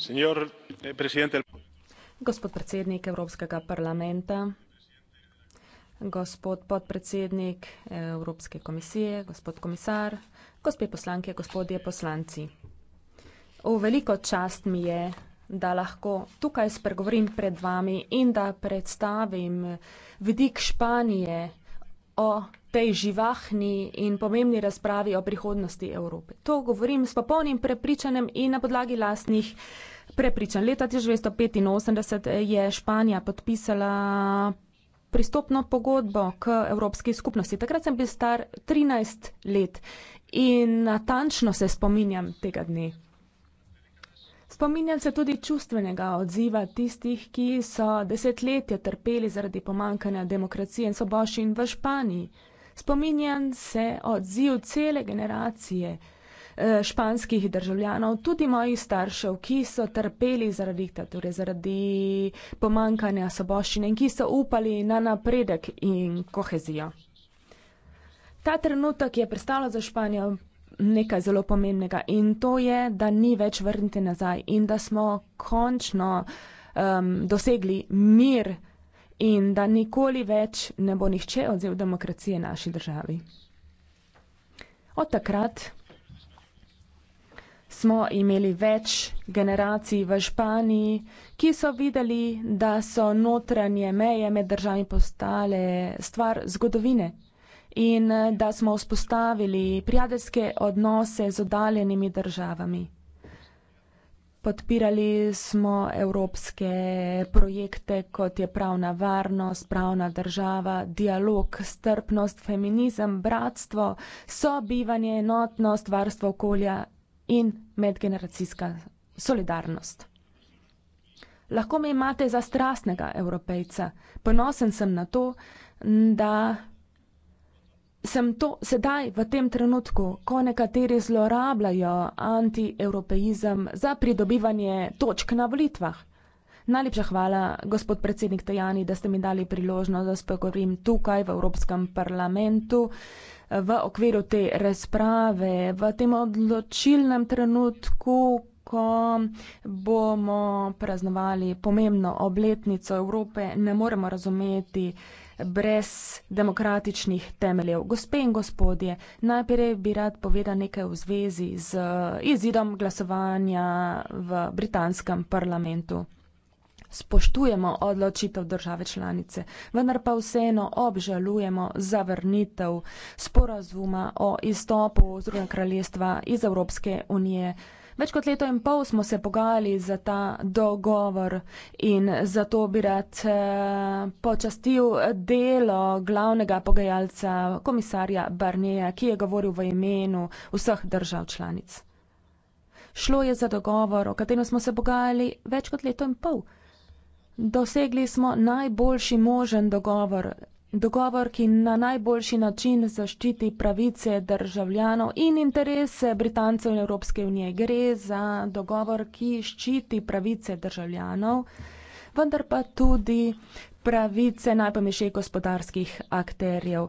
señor eh, presidente del parlamento europeo señor comisario Gospod predsednik Evropskega parlamenta, gospod podpredsednik eh, Evropske komisije, gospod komisar, gospe poslanke, gospodje poslanci. O veliko čast mi je, da lahko tukaj spregovorim pred vami in da predstavim vidik Španije o tej živahni in pomembni razpravi o prihodnosti Evrope. To govorim s popolnim prepričanjem in na podlagi lastnih prepričan. Leta 1985 eh, je Španija podpisala pristopno pogodbo k Evropski skupnosti. Takrat sem bil star 13 let in natančno se spominjam tega dne. Spominjam se tudi čustvenega odziva tistih, ki so desetletja trpeli zaradi pomankanja demokracije in soboščin v Španiji. Spominjam se odziv cele generacije, uh, Eh, španskih državljanov, tudi mojih staršev, ki so trpeli zaradi diktature, zaradi pomankanja soboščine in ki so upali na napredek in kohezijo. Ta trenutek je predstavljal za Španijo nekaj zelo pomembnega in to je, da ni več vrniti nazaj in da smo končno um, dosegli mir in da nikoli več ne bo nihče odzel demokracije naši državi. Od takrat smo imeli več generacij v Španiji, ki so videli, da so notranje meje med državami postale stvar zgodovine in eh, da smo vzpostavili prijateljske odnose z oddaljenimi državami. Podpirali smo evropske projekte, kot je pravna varnost, pravna država, dialog, strpnost, feminizem, bratstvo, sobivanje, enotnost, varstvo okolja in medgeneracijska solidarnost. Lahko me imate za strastnega evropejca. Ponosen sem na to, da sem to sedaj v tem trenutku, ko nekateri zlorabljajo antievropeizem za pridobivanje točk na volitvah. Najlepša hvala, gospod predsednik Tajani, da ste mi dali priložnost, da spogovorim tukaj v Evropskem parlamentu. Uh, v okviru te razprave, v tem odločilnem trenutku, ko bomo praznovali pomembno obletnico Evrope, ne moremo razumeti brez demokratičnih temeljev. Gospe in gospodje, najprej bi rad povedal nekaj v zvezi z izidom glasovanja v britanskem parlamentu spoštujemo odločitev države članice, vendar pa vseeno obžalujemo zavrnitev sporazuma o izstopu Združenega kraljestva iz Evropske unije. Več kot leto in pol smo se pogajali za ta dogovor in zato bi rad eh, počastil delo glavnega pogajalca, komisarja Barneja, ki je govoril v imenu vseh držav članic. Šlo je za dogovor, o katerem smo se pogajali več kot leto in pol dosegli smo najboljši možen dogovor. Dogovor, ki na najboljši način zaščiti pravice državljanov in interese Britancev in Evropske unije. Gre za dogovor, ki ščiti pravice državljanov, vendar pa tudi pravice najpomešej gospodarskih akterjev.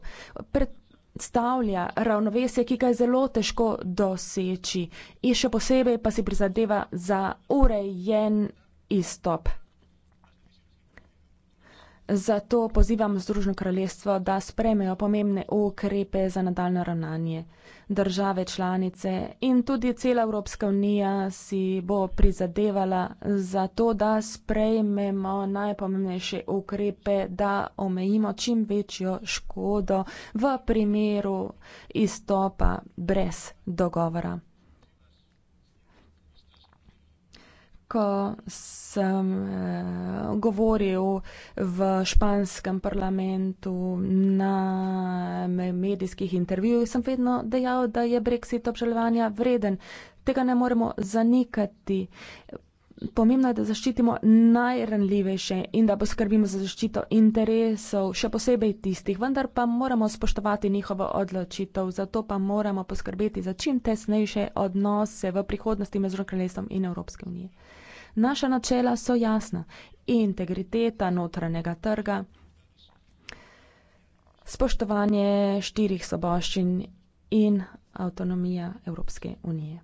Predstavlja ravnovesje, ki ga je zelo težko doseči in še posebej pa si prizadeva za urejen izstop Zato pozivam Združeno kraljestvo, da spremejo pomembne ukrepe za nadaljno ravnanje. Države članice in tudi cela Evropska unija si bo prizadevala za to, da sprejmemo najpomembnejše ukrepe, da omejimo čim večjo škodo v primeru izstopa brez dogovora. ko sem uh, govoril v španskem parlamentu na medijskih intervjujih, sem vedno dejal, da je Brexit obžalovanja vreden. Tega ne moremo zanikati. Pomembno je, da zaščitimo najranljivejše in da poskrbimo za zaščito interesov, še posebej tistih, vendar pa moramo spoštovati njihovo odločitev, zato pa moramo poskrbeti za čim tesnejše odnose v prihodnosti med Združenim kraljestvom in Evropske unije. Naša načela so jasna. Integriteta notranjega trga, spoštovanje štirih soboščin in avtonomija Evropske unije.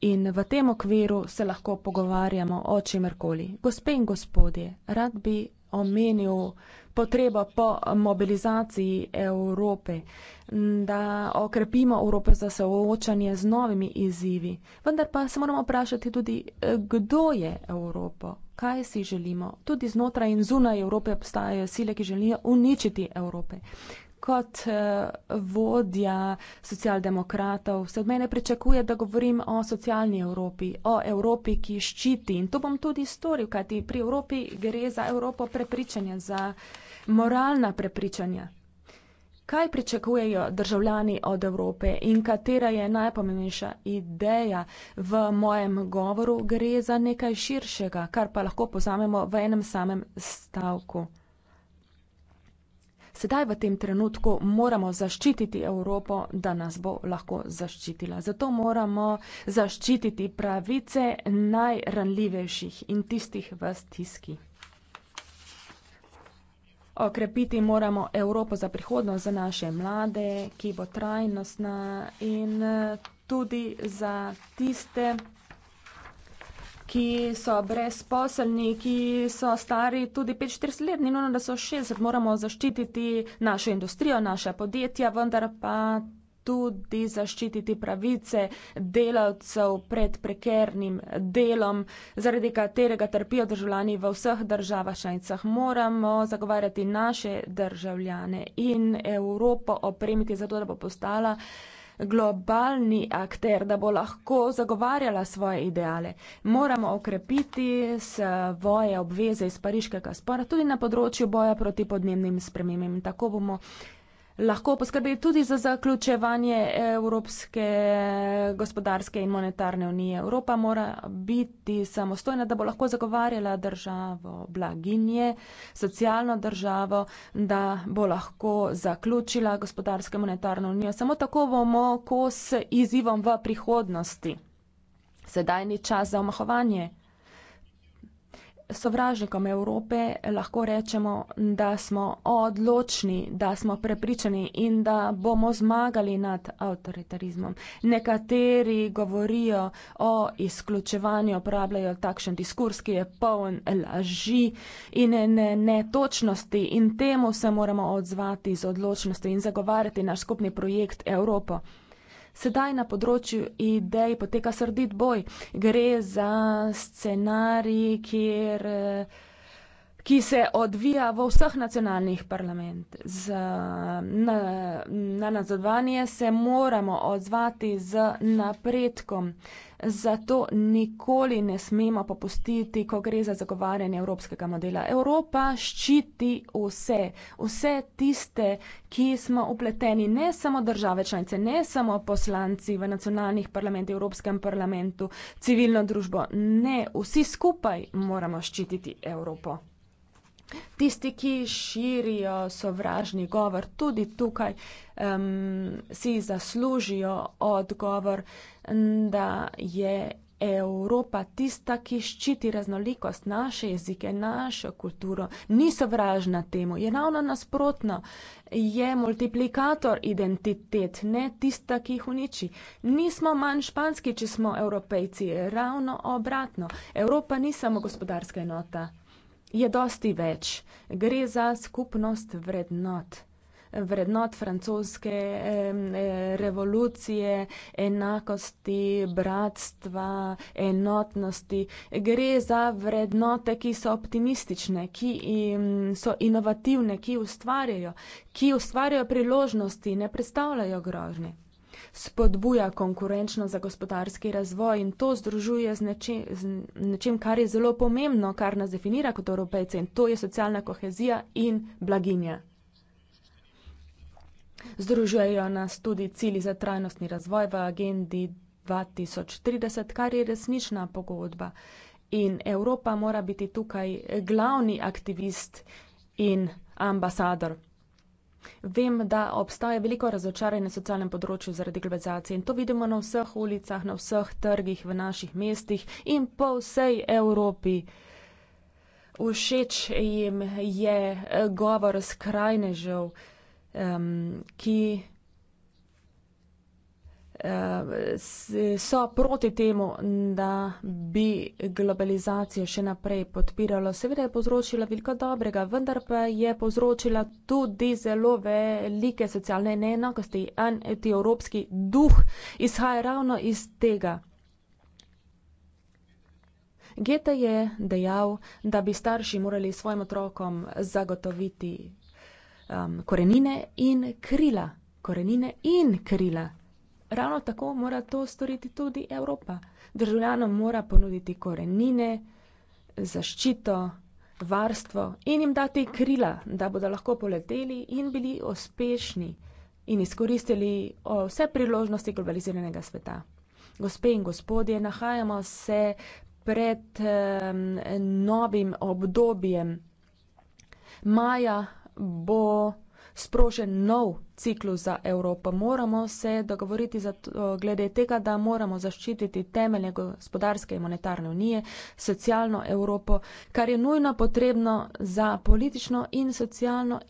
In v tem okviru se lahko pogovarjamo o čemerkoli. Gospe in gospodje, rad bi omenil potreba po mobilizaciji Evrope, da okrepimo Evropo za soočanje z novimi izzivi. Vendar pa se moramo vprašati tudi, kdo je Evropo, kaj si želimo. Tudi znotraj in zunaj Evrope obstajajo sile, ki želijo uničiti Evrope kot eh, vodja socialdemokratov se od mene pričakuje, da govorim o socialni Evropi, o Evropi, ki ščiti. In to bom tudi storil, kajti pri Evropi gre za Evropo prepričanja, za moralna prepričanja. Kaj pričakujejo državljani od Evrope in katera je najpomembnejša ideja v mojem govoru, gre za nekaj širšega, kar pa lahko pozamemo v enem samem stavku sedaj v tem trenutku moramo zaščititi Evropo, da nas bo lahko zaščitila. Zato moramo zaščititi pravice najranljivejših in tistih v stiski. Okrepiti moramo Evropo za prihodnost, za naše mlade, ki bo trajnostna in eh, tudi za tiste, ki bo trajnostna ki so brezposelni, ki so stari tudi 45 let, ni nujno, da so 60, moramo zaščititi našo industrijo, naše podjetja, vendar pa tudi zaščititi pravice delavcev pred prekernim delom, zaradi katerega trpijo državljani v vseh državah članicah. Moramo zagovarjati naše državljane in Evropo opremiti zato, da bo postala globalni akter, da bo lahko zagovarjala svoje ideale. Moramo okrepiti svoje obveze iz pariškega spora tudi na področju boja proti podnebnim spremembam. Tako bomo lahko poskrbi tudi za zaključevanje Evropske gospodarske in monetarne unije. Evropa mora biti samostojna, da bo lahko zagovarjala državo blaginje, socialno državo, da bo lahko zaključila gospodarsko in monetarno unijo. Samo tako bomo kos izzivom v prihodnosti. Sedaj ni čas za omahovanje sovražnikom Evrope lahko rečemo, da smo odločni, da smo prepričani in da bomo zmagali nad avtoritarizmom. Nekateri govorijo o izključevanju, uporabljajo takšen diskurs, ki je poln laži in netočnosti ne, ne in temu se moramo odzvati z odločnosti in zagovarjati naš skupni projekt Evropo. Sedaj na področju idej poteka srdit boj. Gre za scenarij, kjer eh, ki se odvija v vseh nacionalnih parlamentih. Na, na nazadovanje se moramo odzvati z napredkom. Zato nikoli ne smemo popustiti, ko gre za zagovarjanje evropskega modela. Evropa ščiti vse, vse tiste, ki smo upleteni, ne samo države članice, ne samo poslanci v nacionalnih parlamentih, Evropskem parlamentu, civilno družbo. Ne, vsi skupaj moramo ščititi Evropo. Tisti, ki širijo sovražni govor, tudi tukaj um, si zaslužijo odgovor, da je Evropa tista, ki ščiti raznolikost naše jezike, našo kulturo, ni sovražna temu, je ravno nasprotno, je multiplikator identitet, ne tista, ki jih uniči. Nismo manj španski, če smo evropejci, ravno obratno. Evropa ni samo gospodarska enota je dosti več. Gre za skupnost vrednot. Vrednot francoske e, revolucije, enakosti, bratstva, enotnosti. Gre za vrednote, ki so optimistične, ki so inovativne, ki ustvarjajo, ki ustvarjajo priložnosti, ne predstavljajo grožnje spodbuja konkurenčno za gospodarski razvoj in to združuje z nečim, z nečim, kar je zelo pomembno, kar nas definira kot evropejce in to je socialna kohezija in blaginja. Združujejo nas tudi cilji za trajnostni razvoj v agendi 2030, kar je resnična pogodba. In Evropa mora biti tukaj glavni aktivist in ambasador. Vem, da obstaja veliko razočaranje na socialnem področju zaradi globalizacije in to vidimo na vseh ulicah, na vseh trgih, v naših mestih in po vsej Evropi. Všeč jim je eh, govor skrajnežev, um, ki Eh, so proti temu, da bi globalizacijo še naprej podpiralo. Seveda je povzročila veliko dobrega, vendar pa je povzročila tudi zelo velike socialne neenakosti. Antievropski duh izhaja ravno iz tega. Geta je dejal, da bi starši morali svojim otrokom zagotoviti um, korenine in krila. Korenine in krila. Ravno tako mora to storiti tudi Evropa. Državljanom mora ponuditi korenine, zaščito, varstvo in jim dati krila, da bodo lahko poleteli in bili uspešni in izkoristili vse priložnosti globaliziranega sveta. Gospe in gospodje, nahajamo se pred um, novim obdobjem. Maja bo sprožen nov ciklus za Evropo. Moramo se dogovoriti za to, glede tega, da moramo zaščititi temelje gospodarske in monetarne unije, socialno Evropo, kar je nujno potrebno za politično in socialno